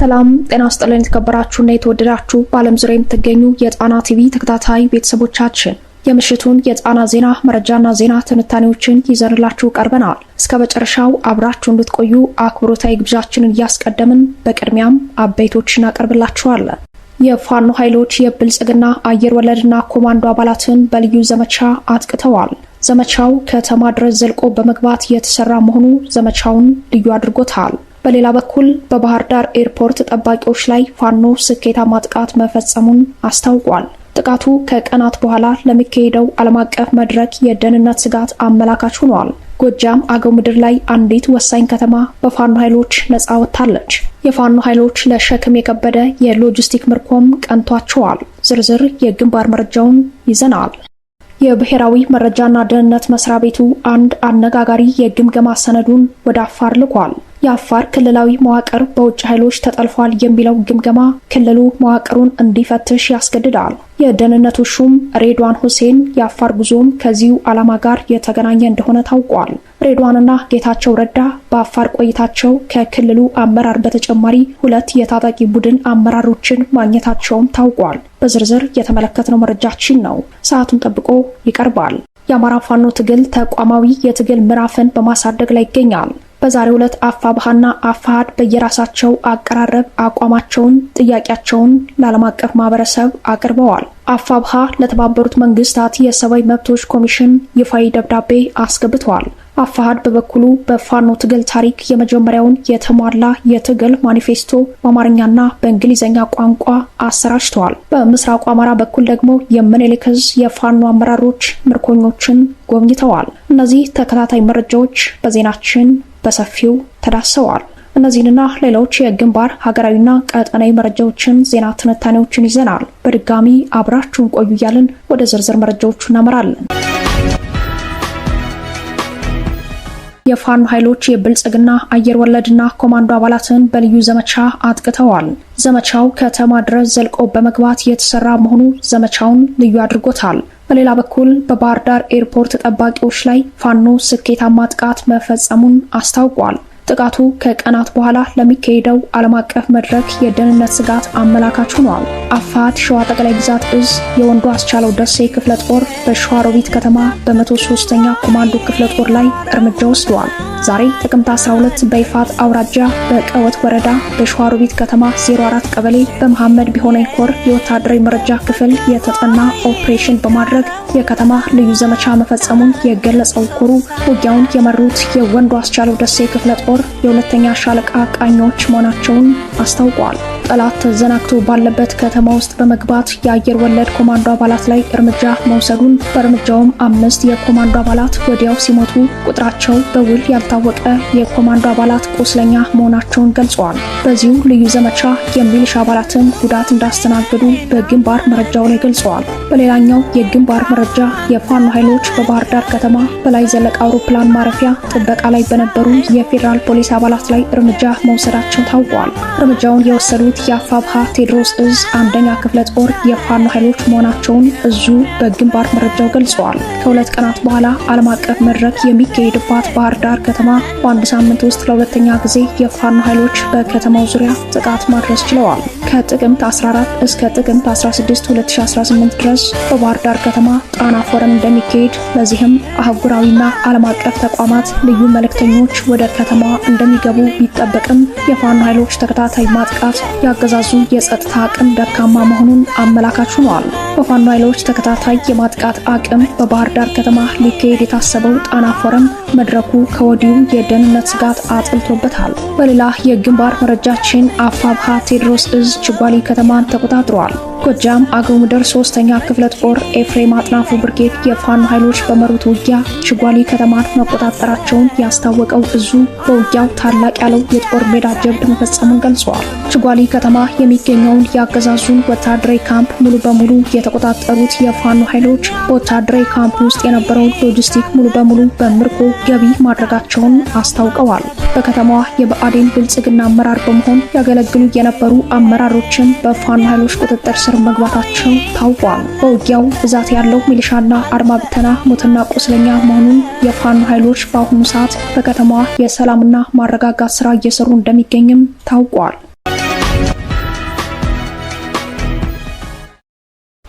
ሰላም ጤና ስጥልን። የተከበራችሁና የተወደዳችሁ በዓለም ዙሪያ የምትገኙ የጣና ቲቪ ተከታታይ ቤተሰቦቻችን የምሽቱን የጣና ዜና መረጃና ዜና ትንታኔዎችን ይዘንላችሁ ቀርበናል። እስከ መጨረሻው አብራችሁ እንድትቆዩ አክብሮታዊ ግብዣችንን እያስቀደምን በቅድሚያም አበይቶች እናቀርብላችኋለን። የፋኖ ኃይሎች የብልጽግና አየር ወለድና ኮማንዶ አባላትን በልዩ ዘመቻ አጥቅተዋል። ዘመቻው ከተማ ድረስ ዘልቆ በመግባት የተሰራ መሆኑ ዘመቻውን ልዩ አድርጎታል። በሌላ በኩል በባህር ዳር ኤርፖርት ጠባቂዎች ላይ ፋኖ ስኬታማ ጥቃት መፈጸሙን አስታውቋል። ጥቃቱ ከቀናት በኋላ ለሚካሄደው ዓለም አቀፍ መድረክ የደህንነት ስጋት አመላካች ሆኗል። ጎጃም አገው ምድር ላይ አንዲት ወሳኝ ከተማ በፋኖ ኃይሎች ነጻ ወጥታለች። የፋኖ ኃይሎች ለሸክም የከበደ የሎጂስቲክ ምርኮም ቀንቷቸዋል። ዝርዝር የግንባር መረጃውን ይዘናል። የብሔራዊ መረጃና ደህንነት መስሪያ ቤቱ አንድ አነጋጋሪ የግምገማ ሰነዱን ወደ አፋር ልኳል። የአፋር ክልላዊ መዋቅር በውጭ ኃይሎች ተጠልፏል የሚለው ግምገማ ክልሉ መዋቅሩን እንዲፈትሽ ያስገድዳል። የደህንነቱ ሹም ሬድዋን ሁሴን የአፋር ጉዞም ከዚሁ ዓላማ ጋር የተገናኘ እንደሆነ ታውቋል። ሬድዋንና ጌታቸው ረዳ በአፋር ቆይታቸው ከክልሉ አመራር በተጨማሪ ሁለት የታጣቂ ቡድን አመራሮችን ማግኘታቸውም ታውቋል። በዝርዝር የተመለከትነው መረጃችን ነው፣ ሰዓቱን ጠብቆ ይቀርባል። የአማራ ፋኖ ትግል ተቋማዊ የትግል ምዕራፍን በማሳደግ ላይ ይገኛል። በዛሬው ዕለት አፋብሃና አፋሃድ በየራሳቸው አቀራረብ አቋማቸውን፣ ጥያቄያቸውን ለዓለም አቀፍ ማህበረሰብ አቅርበዋል። አፋብሃ ለተባበሩት መንግስታት የሰብአዊ መብቶች ኮሚሽን ይፋዊ ደብዳቤ አስገብተዋል። አፋሃድ በበኩሉ በፋኖ ትግል ታሪክ የመጀመሪያውን የተሟላ የትግል ማኒፌስቶ በአማርኛና በእንግሊዝኛ ቋንቋ አሰራጭተዋል። በምስራቁ አማራ በኩል ደግሞ የምኒልክ የፋኖ አመራሮች ምርኮኞችን ጎብኝተዋል። እነዚህ ተከታታይ መረጃዎች በዜናችን በሰፊው ተዳሰዋል። እነዚህንና ሌሎች የግንባር ሀገራዊና ቀጠናዊ መረጃዎችን፣ ዜና ትንታኔዎችን ይዘናል። በድጋሚ አብራችሁን ቆዩ እያልን ወደ ዝርዝር መረጃዎቹ እናመራለን። የፋኖ ኃይሎች የብልጽግና አየር ወለድና ኮማንዶ አባላትን በልዩ ዘመቻ አጥቅተዋል። ዘመቻው ከተማ ድረስ ዘልቆ በመግባት የተሰራ መሆኑ ዘመቻውን ልዩ አድርጎታል። በሌላ በኩል በባህር ዳር ኤርፖርት ጠባቂዎች ላይ ፋኖ ስኬታማ ጥቃት መፈጸሙን አስታውቋል። ጥቃቱ ከቀናት በኋላ ለሚካሄደው ዓለም አቀፍ መድረክ የደህንነት ስጋት አመላካች ሆኗል። አፋት ሸዋ ጠቅላይ ግዛት እዝ የወንዱ አስቻለው ደሴ ክፍለ ጦር በሸዋሮቢት ከተማ በመቶ ሶስተኛ ኮማንዶ ክፍለ ጦር ላይ እርምጃ ወስደዋል። ዛሬ ጥቅምት 12 በይፋት አውራጃ በቀወት ወረዳ በሸዋሮቢት ከተማ 04 ቀበሌ በመሐመድ ቢሆነኝ ኮር የወታደራዊ መረጃ ክፍል የተጠና ኦፕሬሽን በማድረግ የከተማ ልዩ ዘመቻ መፈጸሙን የገለጸው ኮሩ ውጊያውን የመሩት የወንዱ አስቻለው ደሴ ክፍለ ጦር በመኖር የሁለተኛ ሻለቃ ቃኞች መሆናቸውን አስታውቋል። ጠላት ተዘናግቶ ባለበት ከተማ ውስጥ በመግባት የአየር ወለድ ኮማንዶ አባላት ላይ እርምጃ መውሰዱን በእርምጃውም አምስት የኮማንዶ አባላት ወዲያው ሲሞቱ ቁጥራቸው በውል ያልታወቀ የኮማንዶ አባላት ቁስለኛ መሆናቸውን ገልጸዋል። በዚሁ ልዩ ዘመቻ የሚሊሻ አባላትን ጉዳት እንዳስተናገዱ በግንባር መረጃው ላይ ገልጸዋል። በሌላኛው የግንባር መረጃ የፋኖ ኃይሎች በባህር ዳር ከተማ በላይ ዘለቀ አውሮፕላን ማረፊያ ጥበቃ ላይ በነበሩ የፌዴራል ፖሊስ አባላት ላይ እርምጃ መውሰዳቸው ታውቋል። እርምጃውን የወሰዱት የአፋ የአፋብኃ ቴዎድሮስ እዝ አንደኛ ክፍለ ጦር የፋኖ ኃይሎች መሆናቸውን እዙ በግንባር መረጃው ገልጸዋል። ከሁለት ቀናት በኋላ ዓለም አቀፍ መድረክ የሚካሄድባት ባህር ዳር ከተማ በአንድ ሳምንት ውስጥ ለሁለተኛ ጊዜ የፋኖ ኃይሎች በከተማው ዙሪያ ጥቃት ማድረስ ችለዋል። ከጥቅምት 14 እስከ ጥቅምት 16 2018 ድረስ በባህር ዳር ከተማ ጣና ፎረም እንደሚካሄድ በዚህም አህጉራዊና ዓለም አቀፍ ተቋማት ልዩ መልእክተኞች ወደ ከተማ እንደሚገቡ ቢጠበቅም የፋኖ ኃይሎች ተከታታይ ማጥቃት ያገዛዙ የጸጥታ አቅም ደካማ መሆኑን አመላካች ሆኗል። በፋኖ ኃይሎች ተከታታይ የማጥቃት አቅም በባህር ዳር ከተማ ሊካሄድ የታሰበው ጣና ፎረም መድረኩ ከወዲሁ የደህንነት ስጋት አጥልቶበታል። በሌላ የግንባር መረጃችን አፋብሃ ቴዎድሮስ እዝ ችጓሊ ከተማን ተቆጣጥረዋል። ጎጃም አገው ምድር ሶስተኛ ክፍለ ጦር ኤፍሬም አጥናፉ ብርጌድ የፋኖ ኃይሎች በመሩት ውጊያ ችጓሊ ከተማን መቆጣጠራቸውን ያስታወቀው እዙ በውጊያው ታላቅ ያለው የጦር ሜዳ ጀብድ መፈጸሙን ገልጸዋል። ችጓሊ ከተማ የሚገኘውን የአገዛዙን ወታደራዊ ካምፕ ሙሉ በሙሉ የተቆጣጠሩት የፋኖ ኃይሎች በወታደራዊ ካምፕ ውስጥ የነበረውን ሎጂስቲክ ሙሉ በሙሉ በምርኮ ገቢ ማድረጋቸውን አስታውቀዋል። በከተማዋ የብአዴን ብልጽግና አመራር በመሆን ያገለግሉ የነበሩ አመራር አመራሮችም በፋኖ ኃይሎች ቁጥጥር ስር መግባታቸው ታውቋል። በውጊያው ብዛት ያለው ሚሊሻና አድማ ብተና ሞትና ቁስለኛ መሆኑን የፋኖ ኃይሎች በአሁኑ ሰዓት በከተማዋ የሰላምና ማረጋጋት ስራ እየሰሩ እንደሚገኝም ታውቋል።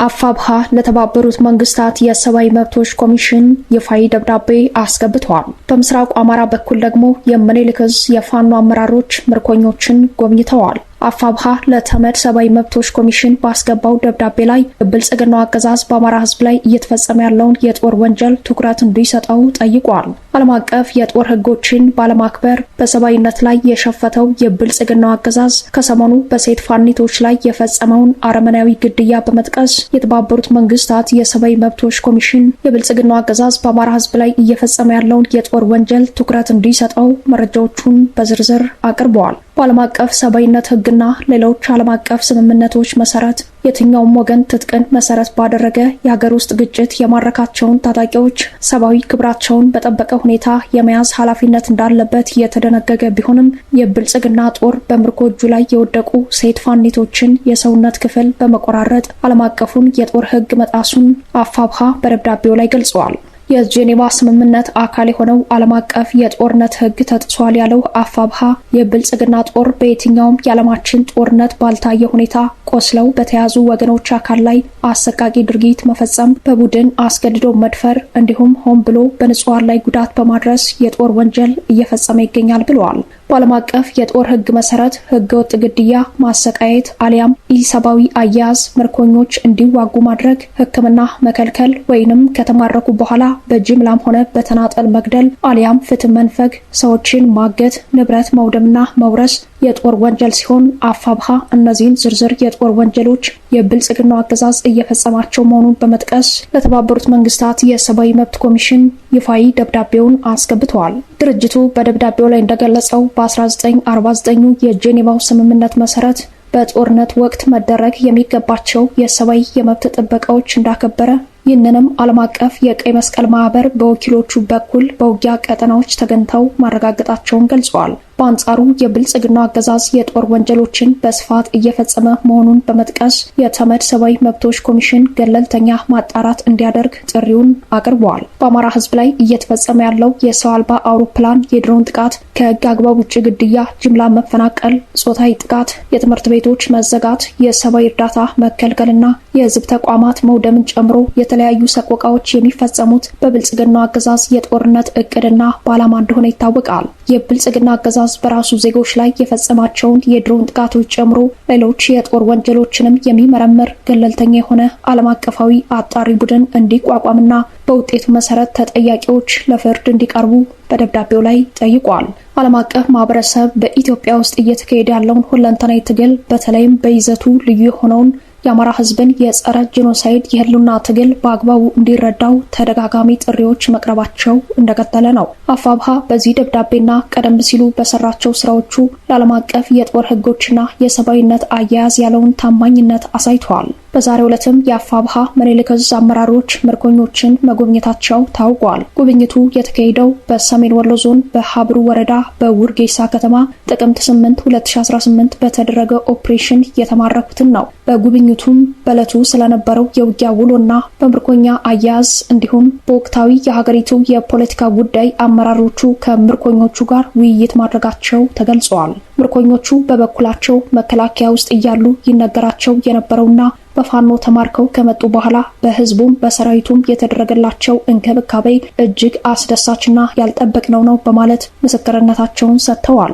አፋብሃ ለተባበሩት መንግስታት የሰብአዊ መብቶች ኮሚሽን ይፋዊ ደብዳቤ አስገብተዋል። በምስራቁ አማራ በኩል ደግሞ የምኒልክ ዕዝ የፋኖ አመራሮች ምርኮኞችን ጎብኝተዋል። አፋብሃ ለተመድ ሰብአዊ መብቶች ኮሚሽን ባስገባው ደብዳቤ ላይ የብልጽግናው አገዛዝ በአማራ ሕዝብ ላይ እየተፈጸመ ያለውን የጦር ወንጀል ትኩረት እንዲሰጠው ጠይቋል። ዓለም አቀፍ የጦር ሕጎችን ባለማክበር በሰብአዊነት ላይ የሸፈተው የብልጽግናው አገዛዝ ከሰሞኑ በሴት ፋኒቶች ላይ የፈጸመውን አረመናዊ ግድያ በመጥቀስ የተባበሩት መንግስታት የሰብአዊ መብቶች ኮሚሽን የብልጽግናው አገዛዝ በአማራ ሕዝብ ላይ እየፈጸመ ያለውን የጦር ወንጀል ትኩረት እንዲሰጠው መረጃዎቹን በዝርዝር አቅርበዋል። በዓለም አቀፍ ሰብአዊነት ህግና ሌሎች ዓለም አቀፍ ስምምነቶች መሰረት የትኛውም ወገን ትጥቅን መሰረት ባደረገ የሀገር ውስጥ ግጭት የማረካቸውን ታጣቂዎች ሰብአዊ ክብራቸውን በጠበቀ ሁኔታ የመያዝ ኃላፊነት እንዳለበት የተደነገገ ቢሆንም የብልጽግና ጦር በምርኮ እጁ ላይ የወደቁ ሴት ፋኒቶችን የሰውነት ክፍል በመቆራረጥ ዓለም አቀፉን የጦር ህግ መጣሱን አፋብሃ በደብዳቤው ላይ ገልጸዋል። የጄኔቫ ስምምነት አካል የሆነው ዓለም አቀፍ የጦርነት ህግ ተጥሷል ያለው አፋብሃ የብልጽግና ጦር በየትኛውም የዓለማችን ጦርነት ባልታየ ሁኔታ ቆስለው በተያዙ ወገኖች አካል ላይ አሰቃቂ ድርጊት መፈጸም፣ በቡድን አስገድዶ መድፈር እንዲሁም ሆን ብሎ በንጹሐን ላይ ጉዳት በማድረስ የጦር ወንጀል እየፈጸመ ይገኛል ብለዋል። በዓለም አቀፍ የጦር ህግ መሰረት ህገወጥ ግድያ፣ ማሰቃየት አሊያም ኢሰብአዊ አያያዝ ምርኮኞች እንዲዋጉ ማድረግ፣ ህክምና መከልከል ወይንም ከተማረኩ በኋላ በጅምላም ሆነ በተናጠል መግደል አሊያም ፍትህ መንፈግ፣ ሰዎችን ማገት፣ ንብረት መውደምና መውረስ የጦር ወንጀል ሲሆን አፋብሃ እነዚህን ዝርዝር የጦር ወንጀሎች የብልጽግናው አገዛዝ እየፈጸማቸው መሆኑን በመጥቀስ ለተባበሩት መንግስታት የሰብአዊ መብት ኮሚሽን ይፋዊ ደብዳቤውን አስገብተዋል። ድርጅቱ በደብዳቤው ላይ እንደገለጸው በ1949 የጄኔቫው ስምምነት መሰረት በጦርነት ወቅት መደረግ የሚገባቸው የሰብአዊ የመብት ጥበቃዎች እንዳከበረ ይህንንም ዓለም አቀፍ የቀይ መስቀል ማህበር በወኪሎቹ በኩል በውጊያ ቀጠናዎች ተገኝተው ማረጋገጣቸውን ገልጸዋል። በአንጻሩ የብልጽግና አገዛዝ የጦር ወንጀሎችን በስፋት እየፈጸመ መሆኑን በመጥቀስ የተመድ ሰብአዊ መብቶች ኮሚሽን ገለልተኛ ማጣራት እንዲያደርግ ጥሪውን አቅርበዋል። በአማራ ሕዝብ ላይ እየተፈጸመ ያለው የሰው አልባ አውሮፕላን የድሮን ጥቃት፣ ከህግ አግባብ ውጭ ግድያ፣ ጅምላ መፈናቀል፣ ጾታዊ ጥቃት፣ የትምህርት ቤቶች መዘጋት፣ የሰብአዊ እርዳታ መከልከልና የህዝብ ተቋማት መውደምን ጨምሮ የተለያዩ ሰቆቃዎች የሚፈጸሙት በብልጽግና አገዛዝ የጦርነት እቅድና ባላማ እንደሆነ ይታወቃል። የብልጽግና አገዛዝ በራሱ ዜጎች ላይ የፈጸማቸውን የድሮን ጥቃቶች ጨምሮ ሌሎች የጦር ወንጀሎችንም የሚመረምር ገለልተኛ የሆነ ዓለም አቀፋዊ አጣሪ ቡድን እንዲቋቋምና በውጤቱ መሰረት ተጠያቂዎች ለፍርድ እንዲቀርቡ በደብዳቤው ላይ ጠይቋል። ዓለም አቀፍ ማህበረሰብ በኢትዮጵያ ውስጥ እየተካሄደ ያለውን ሁለንተናዊ ትግል በተለይም በይዘቱ ልዩ የሆነውን የአማራ ሕዝብን የጸረ ጄኖሳይድ የህልውና ትግል በአግባቡ እንዲረዳው ተደጋጋሚ ጥሪዎች መቅረባቸው እንደቀጠለ ነው። አፋብሃ በዚህ ደብዳቤና ቀደም ሲሉ በሰራቸው ስራዎቹ ለዓለም አቀፍ የጦር ህጎችና የሰብአዊነት አያያዝ ያለውን ታማኝነት አሳይተዋል። በዛሬው ዕለትም የአፋብሃ ምኒልክ ዕዝ አመራሮች ምርኮኞችን መጎብኘታቸው ታውቋል። ጉብኝቱ የተካሄደው በሰሜን ወሎ ዞን በሀብሩ ወረዳ በውርጌሳ ከተማ ጥቅምት 8 2018 በተደረገ ኦፕሬሽን የተማረኩትን ነው። በጉብኝቱም በዕለቱ ስለነበረው የውጊያ ውሎና በምርኮኛ አያያዝ እንዲሁም በወቅታዊ የሀገሪቱ የፖለቲካ ጉዳይ አመራሮቹ ከምርኮኞቹ ጋር ውይይት ማድረጋቸው ተገልጸዋል። ምርኮኞቹ በበኩላቸው መከላከያ ውስጥ እያሉ ይነገራቸው የነበረውና በፋኖ ተማርከው ከመጡ በኋላ በህዝቡም በሰራዊቱም የተደረገላቸው እንክብካቤ እጅግ አስደሳችና ያልጠበቅነው ነው በማለት ምስክርነታቸውን ሰጥተዋል።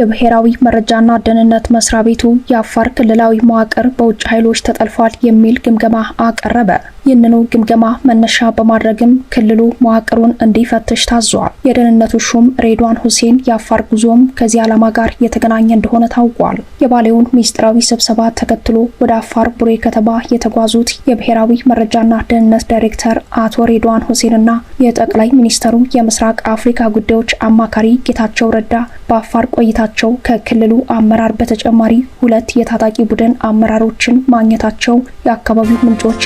የብሔራዊ መረጃና ደህንነት መስሪያ ቤቱ የአፋር ክልላዊ መዋቅር በውጭ ኃይሎች ተጠልፏል የሚል ግምገማ አቀረበ። ይህንኑ ግምገማ መነሻ በማድረግም ክልሉ መዋቅሩን እንዲፈትሽ ታዟል። የደህንነቱ ሹም ሬድዋን ሁሴን የአፋር ጉዞም ከዚህ ዓላማ ጋር የተገናኘ እንደሆነ ታውቋል። የባሌውን ሚስጥራዊ ስብሰባ ተከትሎ ወደ አፋር ቡሬ ከተማ የተጓዙት የብሔራዊ መረጃና ደህንነት ዳይሬክተር አቶ ሬድዋን ሁሴንና የጠቅላይ ሚኒስተሩ የምስራቅ አፍሪካ ጉዳዮች አማካሪ ጌታቸው ረዳ በአፋር ቆይታ ማግኘታቸው ከክልሉ አመራር በተጨማሪ ሁለት የታጣቂ ቡድን አመራሮችን ማግኘታቸው የአካባቢው ምንጮች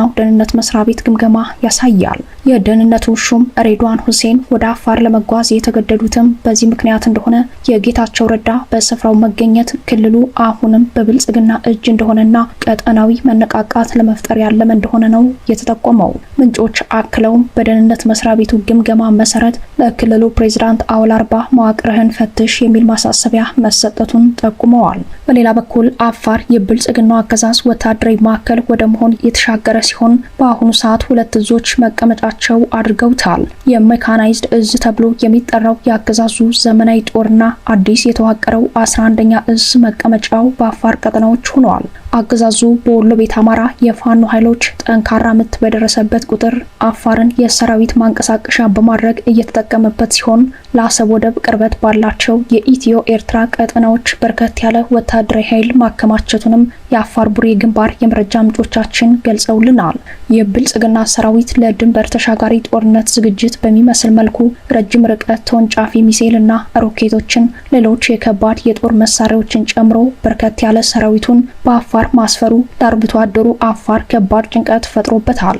ነው ደህንነት መስሪያ ቤት ግምገማ ያሳያል። የደህንነቱ ሹም ሬድዋን ሁሴን ወደ አፋር ለመጓዝ የተገደዱትም በዚህ ምክንያት እንደሆነ የጌታቸው ረዳ በስፍራው መገኘት ክልሉ አሁንም በብልጽግና እጅ እንደሆነና ቀጠናዊ መነቃቃት ለመፍጠር ያለመ እንደሆነ ነው የተጠቆመው። ምንጮች አክለውም በደህንነት መስሪያ ቤቱ ግምገማ መሰረት ለክልሉ ፕሬዚዳንት አውል አርባ መዋቅርህን ፈትሽ የሚል ማሳሰቢያ መሰጠቱን ጠቁመዋል። በሌላ በኩል አፋር የብልጽግናው አገዛዝ ወታደራዊ ማዕከል ወደ መሆን የተሻገረ ሲሆን በአሁኑ ሰዓት ሁለት እዞች መቀመጫቸው አድርገውታል። የሜካናይዝድ እዝ ተብሎ የሚጠራው የአገዛዙ ዘመናዊ ጦርና አዲስ የተዋቀረው አስራ አንደኛ እዝ መቀመጫው በአፋር ቀጠናዎች ሆኗል። አገዛዙ በወሎ ቤት አማራ የፋኖ ኃይሎች ጠንካራ ምት በደረሰበት ቁጥር አፋርን የሰራዊት ማንቀሳቀሻ በማድረግ እየተጠቀመበት ሲሆን ለአሰብ ወደብ ቅርበት ባላቸው የኢትዮ ኤርትራ ቀጠናዎች በርከት ያለ ወታደራዊ ኃይል ማከማቸቱንም የአፋር ቡሬ ግንባር የመረጃ ምንጮቻችን ገልጸውልናል። የብልጽግና ሰራዊት ለድንበር ተሻጋሪ ጦርነት ዝግጅት በሚመስል መልኩ ረጅም ርቀት ተወንጫፊ ሚሳኤልና ሮኬቶችን፣ ሌሎች የከባድ የጦር መሳሪያዎችን ጨምሮ በርከት ያለ ሰራዊቱን በአፋር አፋር ማስፈሩ ለአርብቶ አደሩ አፋር ከባድ ጭንቀት ፈጥሮበታል።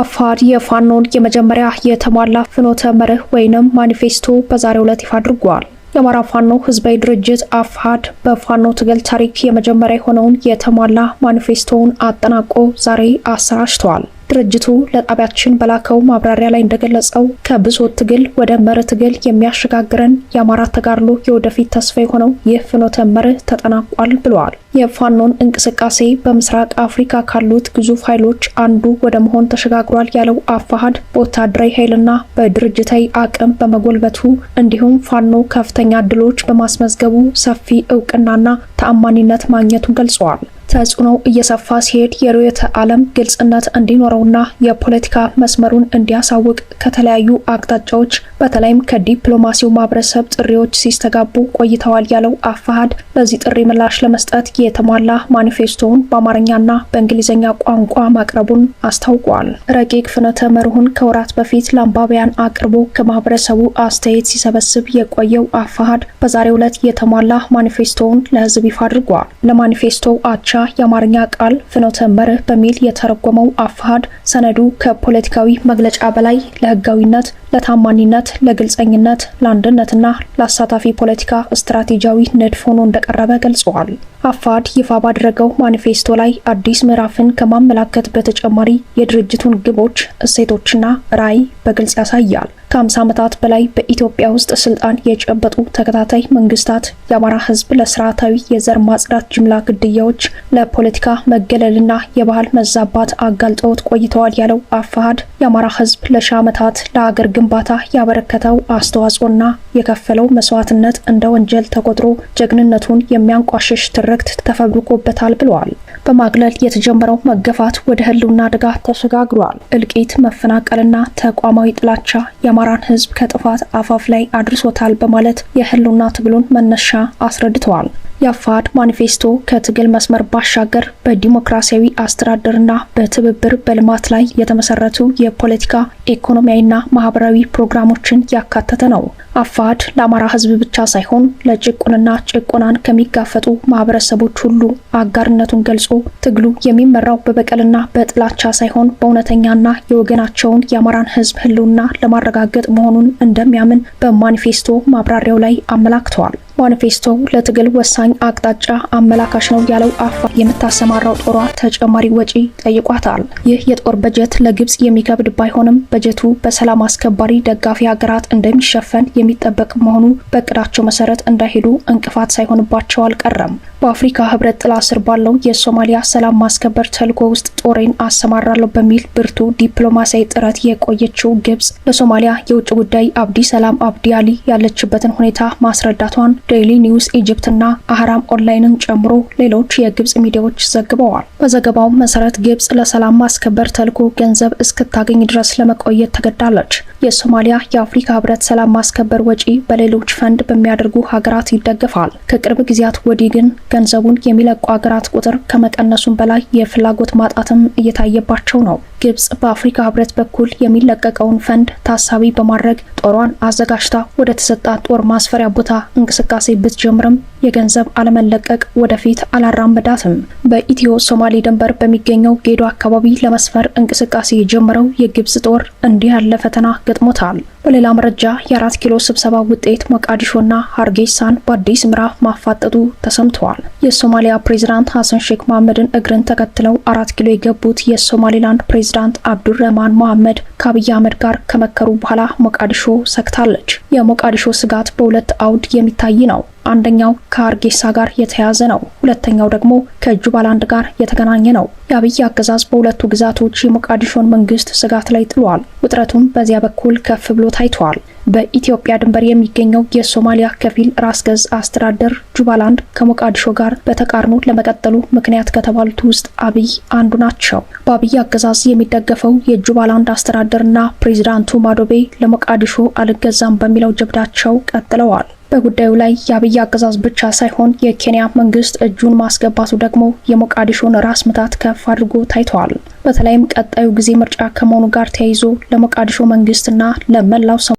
አፋድ የፋኖን የመጀመሪያ የተሟላ ፍኖተ መርህ ወይንም ማኒፌስቶ በዛሬው ዕለት ይፋ አድርጓል። የአማራ ፋኖ ህዝባዊ ድርጅት አፋድ በፋኖ ትግል ታሪክ የመጀመሪያ የሆነውን የተሟላ ማኒፌስቶውን አጠናቆ ዛሬ አሰራጭቷል። ድርጅቱ ለጣቢያችን በላከው ማብራሪያ ላይ እንደገለጸው ከብሶት ትግል ወደ መርህ ትግል የሚያሸጋግረን የአማራ ተጋድሎ የወደፊት ተስፋ የሆነው ይህ ፍኖተ መርህ ተጠናቋል ብለዋል። የፋኖን እንቅስቃሴ በምስራቅ አፍሪካ ካሉት ግዙፍ ኃይሎች አንዱ ወደ መሆን ተሸጋግሯል ያለው አፋሃድ በወታደራዊ ኃይልና በድርጅታዊ አቅም በመጎልበቱ እንዲሁም ፋኖ ከፍተኛ ድሎች በማስመዝገቡ ሰፊ እውቅናና ተአማኒነት ማግኘቱን ገልጸዋል። ተጽዕኖ እየሰፋ ሲሄድ የርዕዮተ ዓለም ግልጽነት እንዲኖረውና የፖለቲካ መስመሩን እንዲያሳውቅ ከተለያዩ አቅጣጫዎች በተለይም ከዲፕሎማሲው ማህበረሰብ ጥሪዎች ሲስተጋቡ ቆይተዋል ያለው አፋሃድ ለዚህ ጥሪ ምላሽ ለመስጠት የተሟላ ማኒፌስቶውን በአማርኛና በእንግሊዝኛ ቋንቋ ማቅረቡን አስታውቋል። ረቂቅ ፍኖተ መርሁን ከወራት በፊት ለአንባቢያን አቅርቦ ከማህበረሰቡ አስተያየት ሲሰበስብ የቆየው አፋሃድ በዛሬው ዕለት የተሟላ ማኒፌስቶውን ለህዝብ ይፋ አድርጓል። ለማኒፌስቶው አቻ የአማርኛ ቃል ፍኖተ መርህ በሚል የተረጎመው አፋሃድ ሰነዱ ከፖለቲካዊ መግለጫ በላይ ለህጋዊነት፣ ለታማኒነት፣ ለግልጸኝነት፣ ለአንድነትና ለአሳታፊ ፖለቲካ ስትራቴጂያዊ ንድፍ ሆኖ እንደቀረበ ገልጸዋል። አፋድ ይፋ ባደረገው ማኒፌስቶ ላይ አዲስ ምዕራፍን ከማመላከት በተጨማሪ የድርጅቱን ግቦች፣ እሴቶችና ራዕይ በግልጽ ያሳያል። ከአምሳ ዓመታት በላይ በኢትዮጵያ ውስጥ ስልጣን የጨበጡ ተከታታይ መንግስታት የአማራ ህዝብ ለስርዓታዊ የዘር ማጽዳት፣ ጅምላ ግድያዎች፣ ለፖለቲካ መገለልና የባህል መዛባት አጋልጠውት ቆይተዋል ያለው አፋሃድ የአማራ ህዝብ ለሺ ዓመታት ለአገር ግንባታ ያበረከተው አስተዋጽኦና የከፈለው መስዋዕትነት እንደ ወንጀል ተቆጥሮ ጀግንነቱን የሚያንቋሽሽ ትርክት ተፈብርኮበታል ብለዋል። በማግለል የተጀመረው መገፋት ወደ ህልውና አደጋ ተሸጋግሯል። እልቂት፣ መፈናቀልና ተቋማዊ ጥላቻ የአማራን ህዝብ ከጥፋት አፋፍ ላይ አድርሶታል በማለት የህልውና ትግሉን መነሻ አስረድተዋል። የአፋድ ማኒፌስቶ ከትግል መስመር ባሻገር በዲሞክራሲያዊ አስተዳደርና በትብብር በልማት ላይ የተመሰረቱ የፖለቲካ ኢኮኖሚያዊና ማህበራዊ ፕሮግራሞችን ያካተተ ነው። አፋድ ለአማራ ሕዝብ ብቻ ሳይሆን ለጭቁንና ጭቁናን ከሚጋፈጡ ማህበረሰቦች ሁሉ አጋርነቱን ገልጾ ትግሉ የሚመራው በበቀልና በጥላቻ ሳይሆን በእውነተኛና የወገናቸውን የአማራን ሕዝብ ህልውና ለማረጋገጥ መሆኑን እንደሚያምን በማኒፌስቶ ማብራሪያው ላይ አመላክተዋል። ማኒፌስቶ ለትግል ወሳኝ አቅጣጫ አመላካሽ ነው ያለው አፋር የምታሰማራው ጦሯ ተጨማሪ ወጪ ጠይቋታል። ይህ የጦር በጀት ለግብጽ የሚከብድ ባይሆንም በጀቱ በሰላም አስከባሪ ደጋፊ ሀገራት እንደሚሸፈን የሚጠበቅ መሆኑ በእቅዳቸው መሰረት እንዳይሄዱ እንቅፋት ሳይሆንባቸው አልቀረም። በአፍሪካ ህብረት ጥላ ስር ባለው የሶማሊያ ሰላም ማስከበር ተልዕኮ ውስጥ ጦሬን አሰማራለሁ በሚል ብርቱ ዲፕሎማሲያዊ ጥረት የቆየችው ግብጽ ለሶማሊያ የውጭ ጉዳይ አብዲ ሰላም አብዲ አሊ ያለችበትን ሁኔታ ማስረዳቷን ዴይሊ ኒውስ ኢጅፕትና አህራም ኦንላይንን ጨምሮ ሌሎች የግብጽ ሚዲያዎች ዘግበዋል። በዘገባው መሰረት ግብጽ ለሰላም ማስከበር ተልኮ ገንዘብ እስክታገኝ ድረስ ለመቆየት ተገዳለች። የሶማሊያ የአፍሪካ ህብረት ሰላም ማስከበር ወጪ በሌሎች ፈንድ በሚያደርጉ ሀገራት ይደግፋል። ከቅርብ ጊዜያት ወዲህ ግን ገንዘቡን የሚለቁ ሀገራት ቁጥር ከመቀነሱም በላይ የፍላጎት ማጣትም እየታየባቸው ነው። ግብጽ በአፍሪካ ህብረት በኩል የሚለቀቀውን ፈንድ ታሳቢ በማድረግ ጦሯን አዘጋጅታ ወደ ተሰጣት ጦር ማስፈሪያ ቦታ እንቅስቃሴ ብትጀምርም የገንዘብ አለመለቀቅ ወደፊት አላራመዳትም። በኢትዮ ሶማሌ ድንበር በሚገኘው ጌዶ አካባቢ ለመስፈር እንቅስቃሴ የጀመረው የግብጽ ጦር እንዲህ ያለ ፈተና ገጥሞታል። በሌላ መረጃ የአራት ኪሎ ስብሰባ ውጤት ሞቃዲሾና ሀርጌሳን በአዲስ ምዕራፍ ማፋጠጡ ተሰምተዋል። የሶማሊያ ፕሬዚዳንት ሀሰን ሼክ መሐመድን እግርን ተከትለው አራት ኪሎ የገቡት የሶማሌላንድ ፕሬዚ ፕሬዚዳንት አብዱረህማን መሐመድ ከአብይ አህመድ ጋር ከመከሩ በኋላ ሞቃዲሾ ሰግታለች። የሞቃዲሾ ስጋት በሁለት አውድ የሚታይ ነው። አንደኛው ከአርጌሳ ጋር የተያያዘ ነው። ሁለተኛው ደግሞ ከጁባላንድ ጋር የተገናኘ ነው። የአብይ አገዛዝ በሁለቱ ግዛቶች የሞቃዲሾን መንግስት ስጋት ላይ ጥሏል። ውጥረቱም በዚያ በኩል ከፍ ብሎ ታይቷል። በኢትዮጵያ ድንበር የሚገኘው የሶማሊያ ከፊል ራስ ገዝ አስተዳደር ጁባላንድ ከሞቃዲሾ ጋር በተቃርኖ ለመቀጠሉ ምክንያት ከተባሉት ውስጥ አብይ አንዱ ናቸው። በአብይ አገዛዝ የሚደገፈው የጁባላንድ አስተዳደርና ፕሬዚዳንቱ ማዶቤ ለሞቃዲሾ አልገዛም በሚለው ጀብዳቸው ቀጥለዋል። በጉዳዩ ላይ የአብይ አገዛዝ ብቻ ሳይሆን የኬንያ መንግስት እጁን ማስገባቱ ደግሞ የሞቃዲሾን ራስ ምታት ከፍ አድርጎ ታይተዋል። በተለይም ቀጣዩ ጊዜ ምርጫ ከመሆኑ ጋር ተያይዞ ለሞቃዲሾ መንግስትና ለመላው